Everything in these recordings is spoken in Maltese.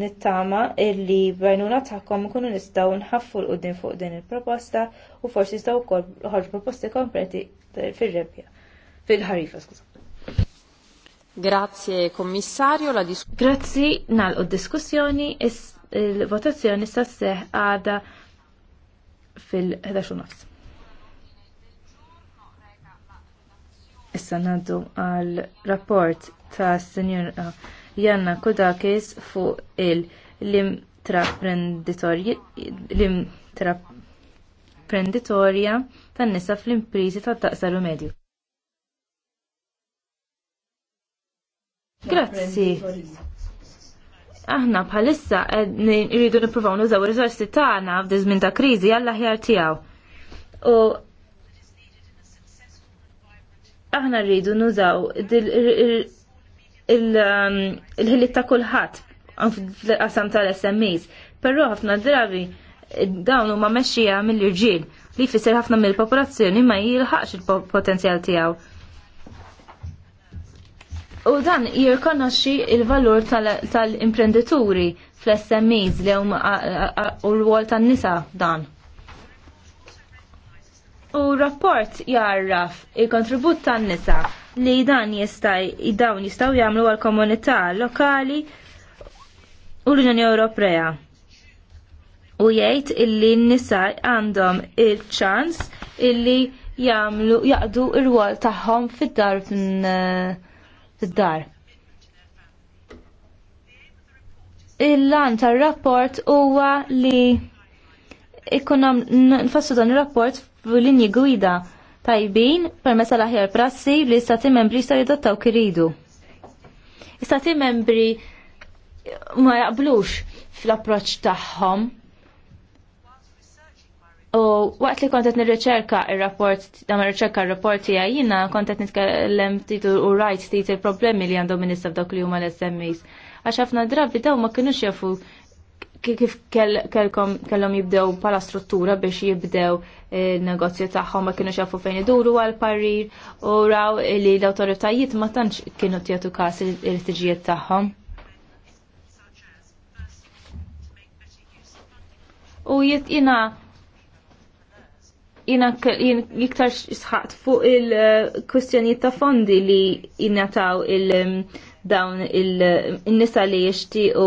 nittama illi bajnuna tagħkom ikunu nistgħu nħaffu l-qudiem fuq din il-proposta u forsi jistgħu wkoll ħarġ proposti kompleti fir-rebbja fil-ħarifa skuża. Grazie Kommissarju la diskussjoni. Grazzi diskussjoni il-votazzjoni sa seħ għada fil-11 nofs. Issa naddu għal rapport ta' Senjor Janna Kudakis fuq il-l-intraprenditorja tan-nisa fl-imprizi tad-daqsar medju. Grazzi. Aħna bħalissa rridu nippruvaw nużaw ir-riżorsi tagħna f'diżmin ta' kriżi għall aħjar tiegħu. U aħna rridu nużaw il um, ħilli ta' kulħadd għasam qasam tal-SMEs. Però ħafna drabi eh, dawn huma mexxija mill-irġiel li jfisser ħafna mill-popolazzjoni ma jilħaqx il-potenzjal tiegħu. U dan jirkonoxxi il-valur tal-imprenditori fl-SMEs li huma u l-wol tan-nisa dan. U rapport jarraf il-kontribut tan-nisa li dan jista' dawn jistgħu jagħmlu għal komunità lokali u l-Unjoni Ewropea. U jgħid illi n-nisa għandhom il-ċans illi jagħmlu jaqdu r-rwol tagħhom fid-dar fid-dar. Il-lan tar-rapport huwa li ikun nfassu dan ir-rapport f'linji gwida tajbin per l-aħjar prassi li stati membri jistaw jidottaw kiridu. Stati membri ma jaqblux fl-approċ tagħhom. U waqt li kontet nirriċerka il-rapport, dam il-reċerka il-rapport tija jina, kontet nitkellem titu u rajt titu il-problemi li għandhom minista f'dak li huma l-SMEs. Għaxafna ħafna drabi daw ma kienux jafu kif kellkom kellhom jibdew pala struttura biex jibdew il-negozju eh, tagħhom ma kienu xafu fejn iduru għal parir u raw li l-awtoritajiet ma tantx kienu tjatu każ il tiġijiet tagħhom. U jiet jina jina jiktar sħaqt fuq il-kwistjonijiet eh, ta' fondi li jinnataw il- dawn il-nisa li jishtiqu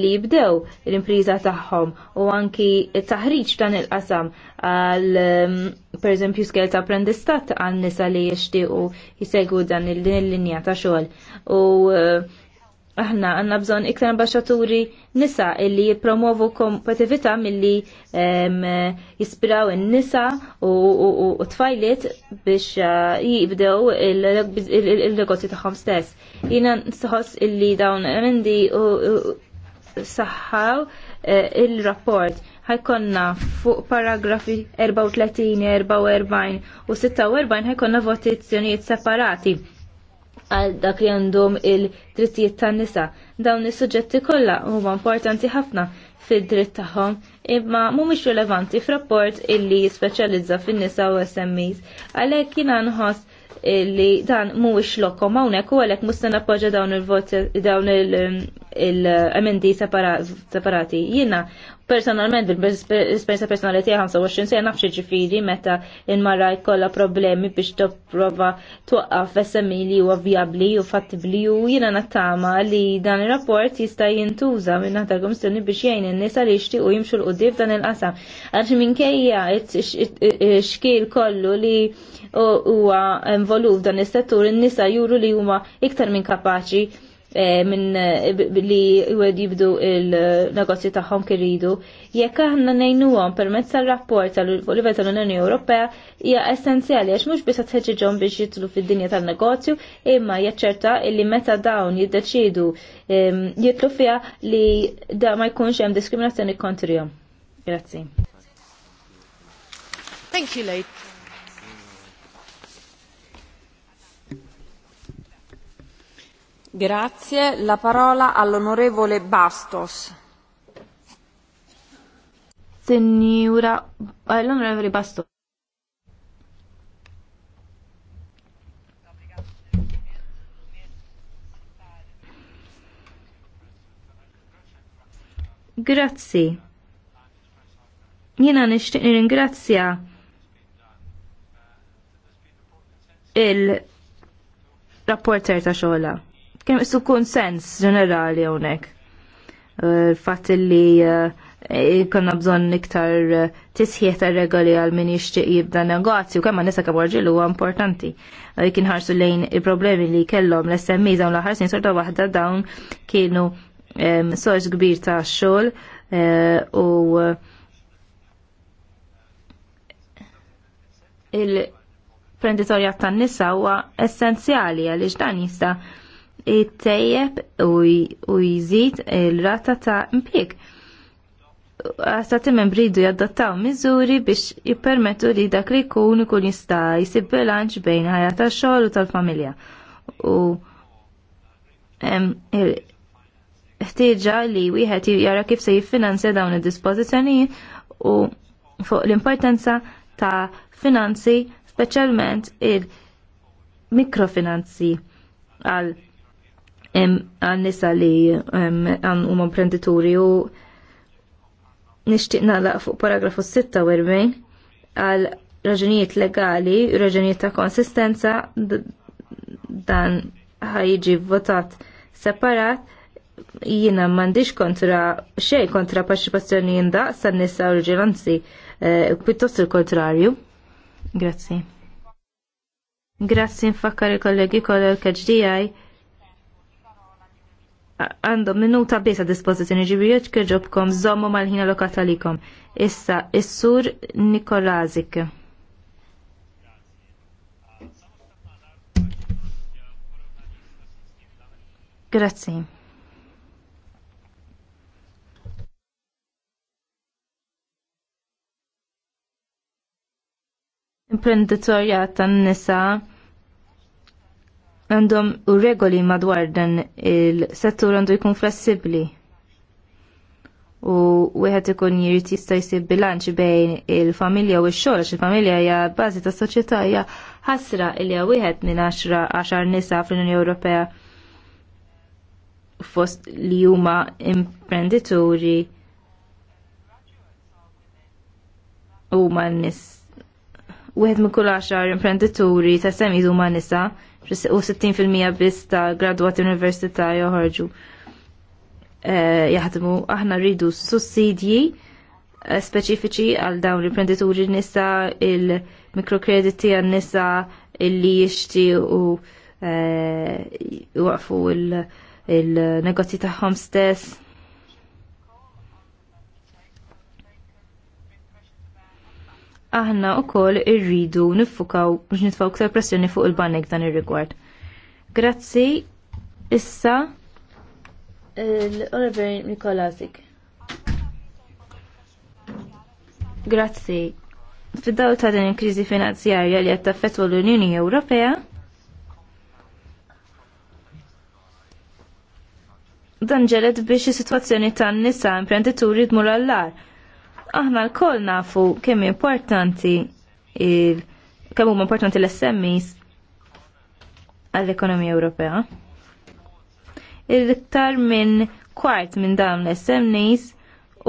li jibdew l-impriża tagħhom u anki taħriġ dan il-qasam għal um, pereżempju skel ta' apprendistat għal nisa li jishtiqu jisegwu dan il-linja ta' xogħol. U uh, aħna għanna bżon iktar ambasċaturi nisa illi jipromovu kompetivita mill-li jispiraw n-nisa u tfajlit biex uh, jibdew il-negozju taħħom stess. Jina nsħos illi dawn emendi u saħħaw eh, il-rapport ħajkonna fuq paragrafi 34, 44 u 46 ħajkonna votizzjonijiet separati għal dak li għandhom il-drittijiet tan-nisa. Dawn is-suġġetti kollha huma importanti ħafna fid-dritt tagħhom imma mhumiex rilevanti f'rapport illi jispeċjalizza fin-nisa u SMEs. Għalhekk jiena nħoss li dan mhuwiex lokom hawnhekk u għalhekk mhux se dawn il-voti dawn il il-MND separati. Jina personalment bil-esperienza personali tiegħi 25 sena nafx ġifiri meta il-mara jkollha problemi biex topprova twaqqaf SMI li huwa vjabbli u fattibli u jiena nattama li dan ir-rapport jista' jintuża minn naħta l biex jgħin in-nies li jixtiequ jimxu l qudiem dan il-qasam. Għax minkejja xkiel kollu li huwa involut dan is-settur in-nisa juru li huma iktar minn kapaċi Eh, minn eh, li jibdu il-negozju tagħhom kiridu. Jekk aħna ngħinuhom permezz tal-rapport tal-livell tal-Unjoni Ewropea hija essenzjali għax mhux biss tħeġġiġhom biex jidħlu fid-dinja tal-negozju, imma jaċċerta li meta dawn jiddeċidu jitlu fiha li da ma jkunx hemm diskriminazzjoni kontrihom. Grazzi. Thank you, ladies. Grazie. La parola all'onorevole Bastos. Signora, eh, l'onorevole Bastos. Grazie. Jena nishtiq ringrazzja il-rapporter ta' xogħla kien su konsens ġenerali hawnhekk. Eh, fatt li eh, konna bżonn iktar eh, tisħieta ta' regoli għal min jixtieq jibda negozju, kemm nisa kaborġil huwa importanti. Kien ħarsu lejn il-problemi li kellhom l-SMI dawn l sin sorta waħda dawn kienu sorġ kbir ta' xogħol u il-prenditorjat tan-nisa huwa essenzjali għaliex dan jista' jittejjeb u jżid il-rata ta' impjeg. Stati membri bridu jaddattaw miżuri biex jippermettu li dak li jkun ikun jista' jisib bilanċ bejn ħajja tax-xogħol u tal-familja. U ħtieġa li wieħed jara kif se jiffinanzja dawn id-dispożizzjonijiet u fuq l-importanza ta' finanzi speċjalment il-mikrofinanzi għal għan nisa li għan um imprenditori u nishtiqna naqlaq fuq paragrafu 46 għal raġunijiet legali, raġunijiet ta' konsistenza dan ħajġi votat separat jina mandiġ kontra xej kontra paċipazzjoni jinda san nisa u rġilanzi ġilanzi eh, piuttost il-kontrarju. Grazzi. Grazzi infakkar il-kollegi kollha l-kaġdijaj għandhom minuta biss għad dispożizzjoni ġibi jitkeġobkom żommu mal-ħin allokat likom. Issa, is-sur Nikolazik. Grazzi. Imprenditorja tan-nisa għandhom u regoli madwar dan il-settur għandu jkun flessibli. U wieħed ikun jirid jista' jsib bilanċ bejn il-familja u x-xogħol għax il-familja hija bażi tas-soċjetà hija ħasra li hija wieħed minn 10 nisa fl-Unjoni Ewropea fost li huma imprenditori huma nis. Wieħed minn kull għaxar imprenditori ta' semiż huma nisa' u 60% biss ta' gradwati università joħorġu eh, jaħdmu. Aħna rridu sussidji eh, speċifiċi għal dawn l-imprenditori nisa il-mikrokrediti għal nisa illi jixti u eh, waqfu il-negozji tagħhom stess aħna wkoll irridu nifukaw biex nitfaw ktar pressjoni fuq il-banek dan ir-rigward. Grazzi, issa l-Oliver Nikolazik. Grazzi. Fid-dawl ta' din il-kriżi finanzjarja li qed taffettwa l-Unjoni Ewropea, dan ġelet biex is-sitwazzjoni tan-nisa imprenditur jidmur għall-ar aħna l-koll nafu kemm importanti il kemm huma importanti l-SMEs għall-ekonomija Ewropea. Il-iktar minn kwart minn dawn l-SMEs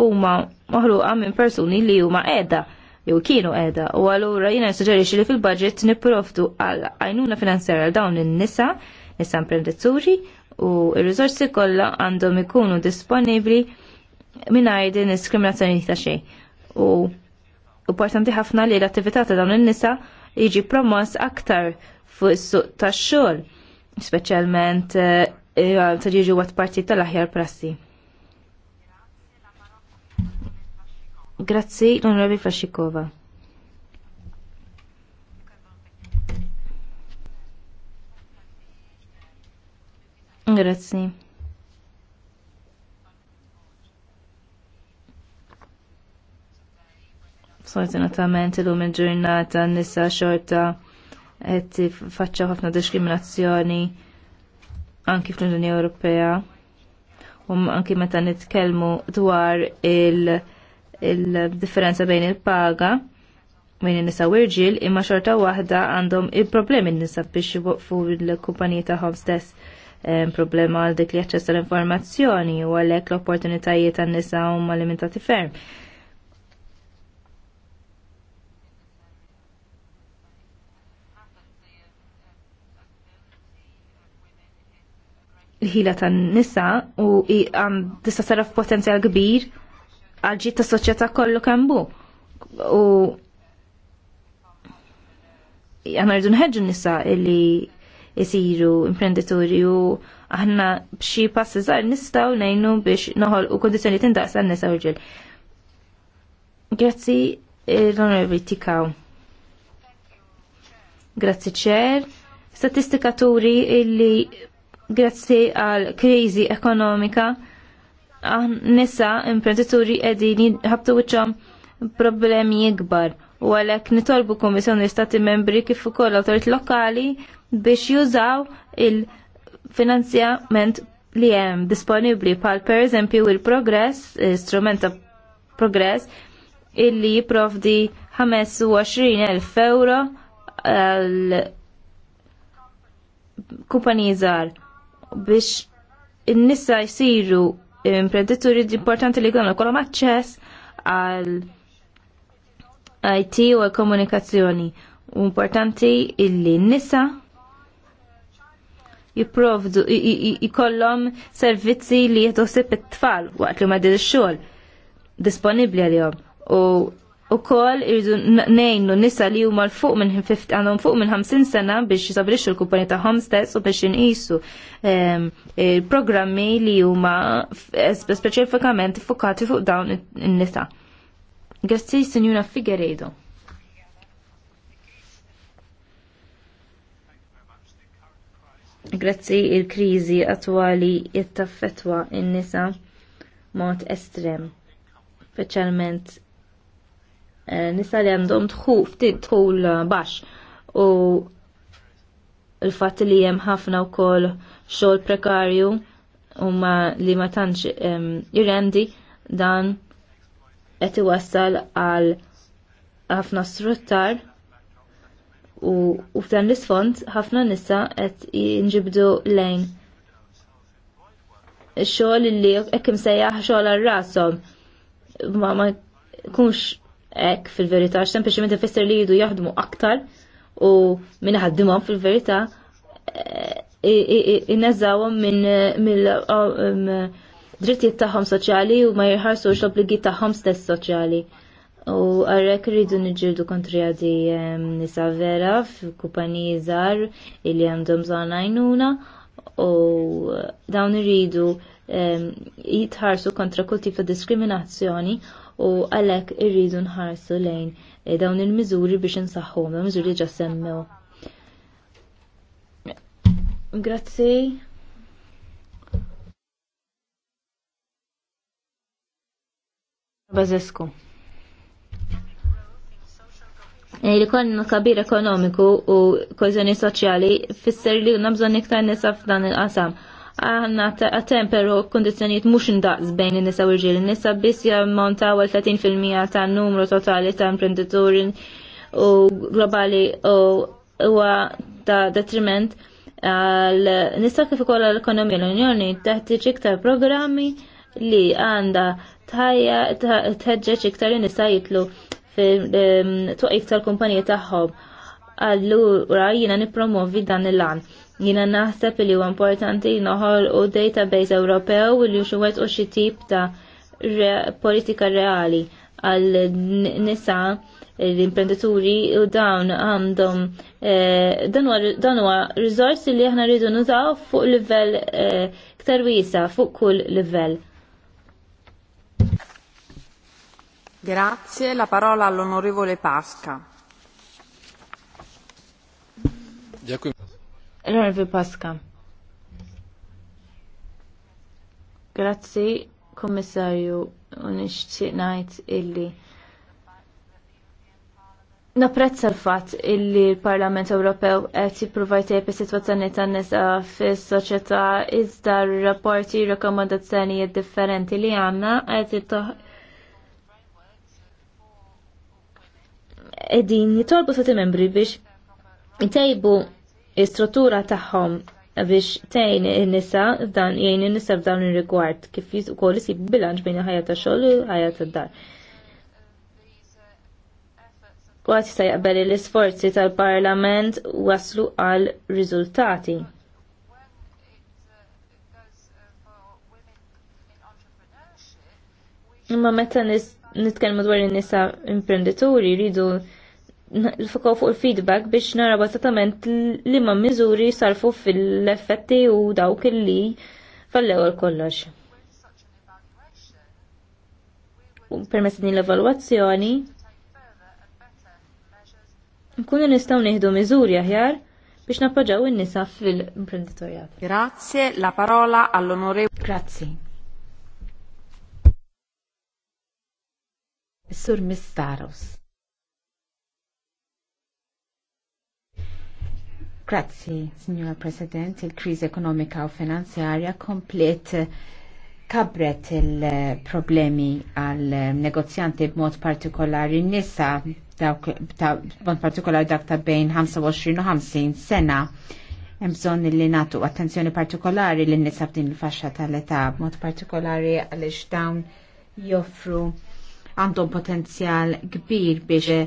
huma maħluqa minn persuni li huma qiegħda jew kienu qiegħda u allura jiena nissuġġerixxi li fil-budget nipprofdu għal għajnuna finanzjarja għal dawn in-nisa, nisa imprendizzuri u r-riżorsi kollha għandhom ikunu disponibbli minnaj din diskriminazzjoni ta' xejn. U importanti ħafna li l-attività ta' dawn in-nisa jiġi promos aktar fuq is-suq tax-xogħol, speċjalment eh, eh, ta' jiġu għat parti tal-aħjar prassi. Grazzi, l onorabi Fashikova. Grazzi. Sfortunatament illum il-ġurnata nisa xorta qed faċċa ħafna diskriminazzjoni anki fl-Unjoni Ewropea u anki meta nitkellmu dwar il-differenza bejn il-paga bejn in-nisa u irġiel imma xorta waħda għandhom il-problemi n-nisa biex iwaqfu l kumpanija tagħhom stess problema għal dik li jaċċessa l-informazzjoni u għalhekk l-opportunitajiet tan-nisa huma limitati ferm. il-ħila tan nisa u tista' saraf potenzjal kbir għal ġid ta' soċjetà kollu kambu. U għanna rridu nħedġu nisa illi jisiru imprenditori u aħna b'xi passi żgħar u nejnu biex noħol u kondizjoni tindaqsa n-nisa uġil. Grazzi l-onorevoli Tikaw. Grazzi ċer. Statistikaturi illi grazzi għal kriżi ekonomika nisa imprenditori qegħdin ħabtu wċom problemi ikbar u għalhekk nitolbu komissjoni stati membri kif ukoll autorit lokali biex jużaw il-finanzjament li hemm disponibbli per pereżempju il-progress, strument ta' progress illi jipprovdi 25,000 euro għal kumpaniji żgħar biex in-nisa jsiru imprenditori importanti li jkollhom kolom aċċess għal IT u komunikazzjoni. Importanti illi n-nisa jiprovdu, jikollom servizzi li jitosib it-tfal waqt li ma d ix-xogħol disponibbli għalihom u u kol irridu nejnu nisa li huma l-fuq minn għandhom fuq minn 50 sena biex jisabrixxu l kupani tagħhom stess u biex inqisu ehm, programmi li huma speċifikament fokati fuq dawn in-nisa. Grazzi Sinjuna Figueredo. Grazzi il-kriżi attwali jittaffetwa in-nisa mod estrem, specialment nisa li għandhom tħul baxx u l fat li hemm ħafna wkoll xogħol prekarju u ma li ma tantx jirendi dan qed iwassal għal ħafna sruttar u, u f'dan l-isfond ħafna nisa qed jinġibdu lejn xogħol li hekk imsejjaħ xogħol għar rashom ma ma kunx ek fil-verità, sempliċement ifisser li jidu jaħdmu aktar u minna ħaddimhom fil-verità eh, inneżawhom minn ah, mm, drittijiet tagħhom soċjali u ma jirħarsu x'obligi obbligi tagħhom stess soċjali. U għarrek rridu nġildu kontri għadi nisa vera f'kumpaniji żgħar illi għandhom bżonn għajnuna u dawn rridu jitħarsu kontra kull tip ta' diskriminazzjoni u għalhekk irridu nħarsu lejn eh, dawn il-miżuri biex insaħħuhom, dawn mizuri ġa semmew. Grazzi. Bazesku. Eh, li konna kabir ekonomiku u kozjoni soċjali fisser li nabżon iktar nisa f'dan il-qasam għanna għatemperu kondizjoniet mux indaqs bejn il-nisa u rġil. Il-nisa biss jammontaw għal 30% ta' numru totali ta' imprenditorin u globali u huwa ta' detriment għal nisa kif ukoll l-ekonomija l-Unjoni teħtieġ iktar programmi li għandha tħeġġeġ iktar nisa jitlu fil-twaqif tal-kumpanija tagħhom. Allura jiena nippromovi dan il-lan. Jina naħseb li huwa importanti noħol u database Ewropew li xuwet u xi tip ta' politika reali għal nisa l-imprenditori u dawn għandhom eh, dan huwa riżors li aħna rridu nużaw fuq livell eh, iktar wiesa fuq kull livell. Grazie, la parola all'onorevole Pasca. Dziękuję. L-Onorevoli Pasqa. Grazzi, Kommissarju, unixtieq ngħid illi Napprezza l-fatt illi l-Parlament Ewropew qed jippruvaj tejb is-sitwazzjoni tan-nisa fis-soċjetà iżda r-rapporti rakkomandazzjonijiet differenti li għandna qed jittoħ edin jitolbu sati membri biex jtejbu Istruttura tagħhom biex tgħin in-nisa dan jgħin in-nisa f'dan ir-rigward kif ukoll isib bilanċ bejn il ħajja ta' xogħol u l ħajja tad-dar. Kwasi jista' jaqbel l-isforzi tal-Parlament waslu għal riżultati. Imma meta nitkellmu dwar in-nisa imprenditori jridu l-fukaw fuq il-feedback biex nara bazzatament li ma miżuri sarfu fil-effetti u dawk li fallew ewel kollox. Permess din l-evalwazzjoni, nkunu nistaw nieħdu miżuri aħjar biex nappoġġaw in-nisa fil-imprenditorjat. Grazie, la parola all'onorevole. Grazie. Sur Mistaros. Grazzi, Signora President, il-kriżi ekonomika u finanzjarja komplet kabret il-problemi għal negozjanti b'mod partikolari nisa b'mod partikolari dak ta' bejn 25 u 50 sena. Hemm bżonn li nagħtu attenzjoni partikolari li nisa b'din il-faxxa tal-età b'mod partikolari għaliex dawn joffru għandhom potenzjal kbir biex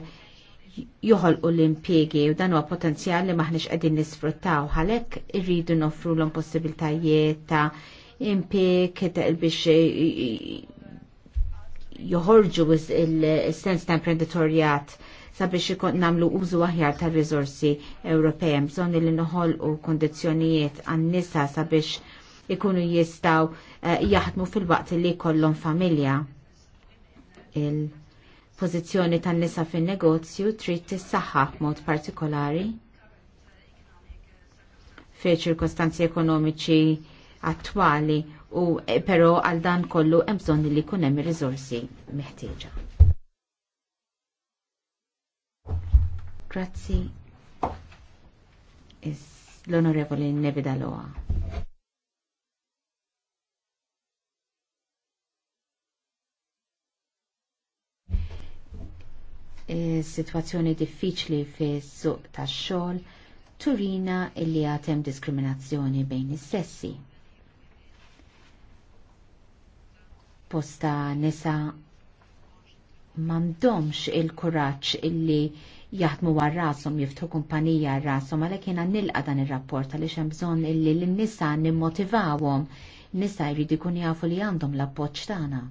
joħolqu l impiegi u dan huwa potenzjal li maħniex qegħdin nisfruttaw għalhekk irridu nofru l possibiltajiet ta' impieg biex eh, eh, joħorġu il-sens ta' imprenditorjat sabiex ikon namlu użu aħjar ta' rizorsi Ewropej. Bżonni li noħolqu kondizjonijiet għan-nisa sabiex ikunu jistaw eh, jaħdmu fil-waqt li kollhom familja. Il pożizzjoni tan-nisa fin-negozju trid tissaħħa b'mod partikolari fi ċirkostanzi ekonomiċi attwali u eh, però għal dan kollu hemm bżonn li jkun hemm ir-riżorsi meħtieġa. Grazzi. L-Onorevoli Nevidaloa. E, situazzjoni diffiċli fis-suq tax-xogħol turina illi għatem diskriminazzjoni bejn is-sessi. Posta nisa mandomx il-kuraċ illi jaħdmu għar rasom jiftu kumpanija għar rasom għalek jena nilqa dan il-rapport għal hemm bżonn illi l-nisa nimmotivawhom nisa jridu jkun jafu li għandhom l-appoġġ tagħna.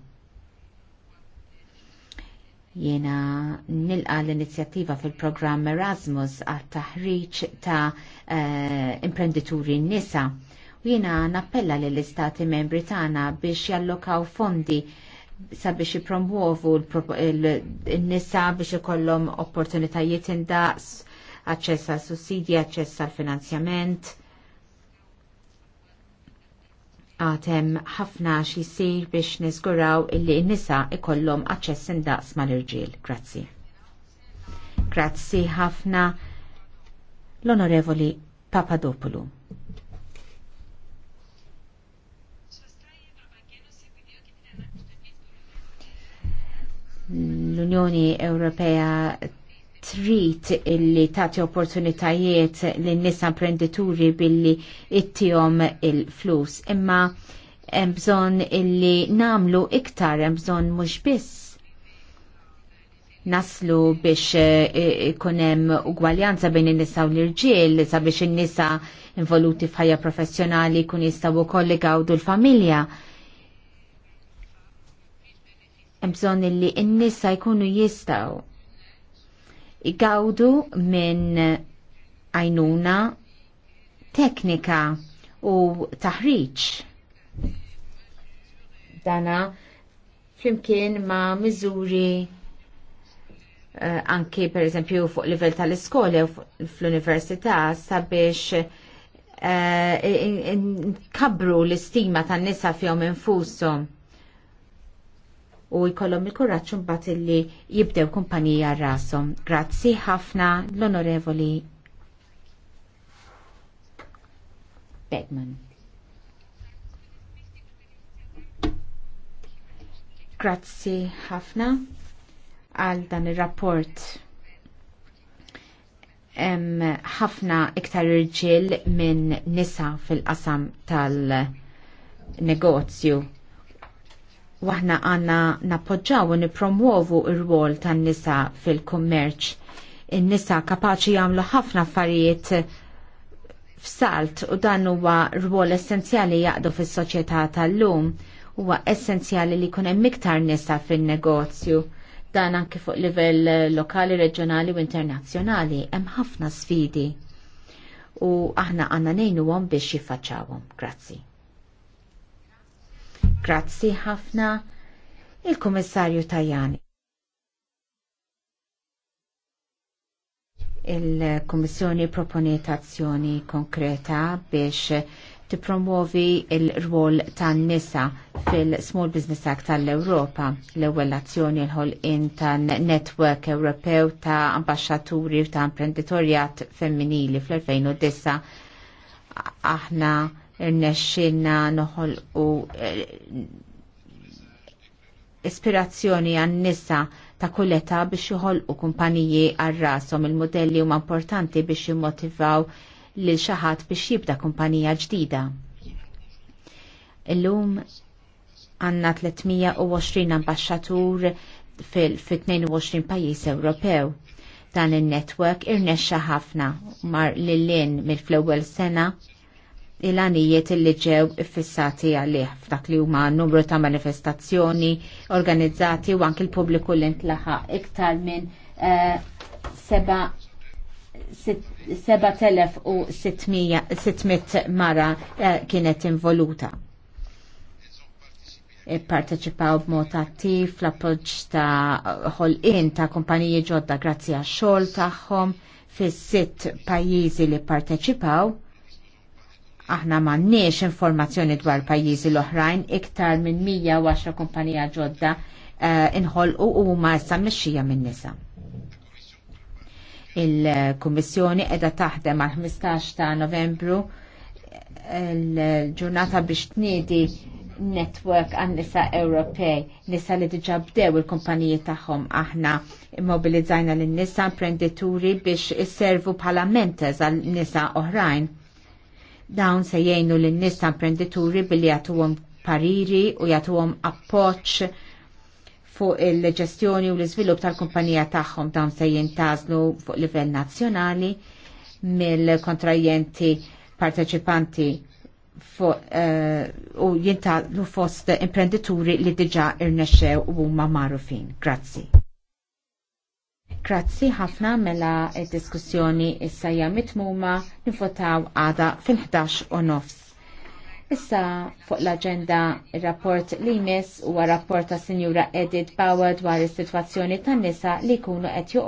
Jena nilqa l-inizjattiva fil-programm Erasmus għat taħriġ ta' uh, imprendituri nisa. U jena nappella l-istati membri tagħna biex jallokaw fondi sabiex jipromuovu l-nisa biex ikollhom opportunitajiet indaqs, aċċess għal sussidji, aċċess għal finanzjament Għatem ħafna xisir biex nizguraw illi n-nisa ikollhom aċċess indaqs mal-irġiel. Grazzi. Grazzi ħafna l-Onorevoli Papadopoulou. l-Unjoni Ewropea trit illi tati opportunitajiet l-nisa imprenditori billi ittijom il-flus. Imma hemm bżonn illi namlu iktar, hemm bżonn mhux biss naslu biex eh, eh, ikunem ugwaljanza bejn in-nisa u l-irġiel sabiex in-nisa involuti f'ħajja professjonali kun jistgħu wkoll igawdu l-familja. Hemm bżonn li n-nisa jkunu jistgħu igawdu minn għajnuna teknika u taħriċ. Dana flimkien ma' miżuri uh, anki per eżempju fuq livell tal-iskola u fl-università sabiex uh, eh, kabru l-istima tan-nisa fjom infushom u jkollhom il-kuraġġ imbagħad illi jibdew kumpanija rashom. Grazzi ħafna l-Onorevoli Begman. Grazzi ħafna għal dan ir-rapport ħafna iktar irġiel minn nisa fil-qasam tal-negozju Waħna għanna nappoġġaw u nipromuovu ir-rwol tan-nisa fil-kummerċ. In-nisa kapaċi jagħmlu ħafna affarijiet f'salt u dan huwa rwol essenzjali jaqdu fis-soċjetà tal-lum. Huwa essenzjali li jkun hemm iktar nisa fin-negozju dan anke fuq livell lokali, reġjonali u internazzjonali hemm ħafna sfidi u aħna għandna ngħinuhom biex jiffaċċawhom. Grazzi. Grazzi ħafna il-Kummissarju Tajani. Il-Kummissjoni proponiet azzjoni konkreta biex tipromuovi il-rwol tan nisa fil-Small Business Act tal-Europa, l-ewwel azzjoni l in tan network Ewropew ta' ambasċaturi ta' imprenditorjat femminili fl-2009. Aħna rnexxilna noħol u eh, ispirazzjoni għan nisa ta' kulleta biex joħolqu kumpaniji għal rasom il-modelli huma importanti biex jimmotivaw lil xi ħadd biex jibda kumpanija ġdida. Illum għandna 320 ambasċatur fil-22 pajjiż Ewropew. Dan il netwerk irnexxa ħafna mar lil-lin mill-flewwel sena il-għanijiet li ġew fissati għalih f'dak li huma numru ta' manifestazzjoni organizzati u anki l-pubbliku li ntlaħa iktar minn uh, eh, 7600 mara uh, kienet involuta. Parteċipaw b'mod attiv fl-appoġġ ta' ħolqien ta' kumpaniji ġodda grazzi għax-xogħol tagħhom fis-sitt pajjiżi li parteċipaw aħna m'għandniex informazzjoni dwar pajjiżi l-oħrajn iktar minn 110 kumpanija ġodda eh, inħolqu u huma issa mixxija minn nisa. Il-Kummissjoni qiegħda taħdem għal 15 ta' Novembru l-ġurnata biex tniedi network għan nisa Ewropej, nisa li diġa bdew il-kumpaniji tagħhom aħna immobilizzajna l-nisa imprendituri biex isservu bħala mentez għal nisa oħrajn. Dawn se jgħinu l-nis ta' imprenditori billi jagħtuhom pariri u jagħtuhom appoġġ fuq il-ġestjoni u l-iżvilupp tal-kumpanija tagħhom dawn se jintażlu fuq livell nazzjonali mill-kontrajenti parteċipanti eh, u jintazlu fost imprendituri li diġà irnexxew u huma magħrufin. Grazzi. Grazzi ħafna mela diskussjoni issa hija mitmuma nifotaw għada fil-11 u nofs. Issa fuq l-agenda rapport li jmiss huwa rapport ta' Sinjura Edith Bauer dwar is-sitwazzjoni tan-nisa li jkunu qed